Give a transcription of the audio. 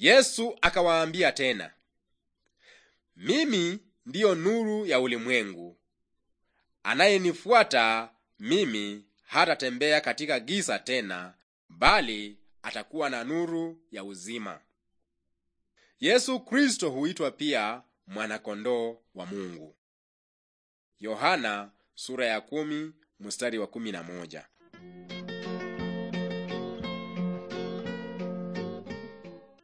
Yesu akawaambia tena, mimi ndiyo nuru ya ulimwengu. Anayenifuata mimi hatatembea katika giza tena, bali atakuwa na nuru ya uzima. Yesu Kristo huitwa pia mwanakondoo wa Mungu. Yohana sura ya kumi mstari wa kumi na moja.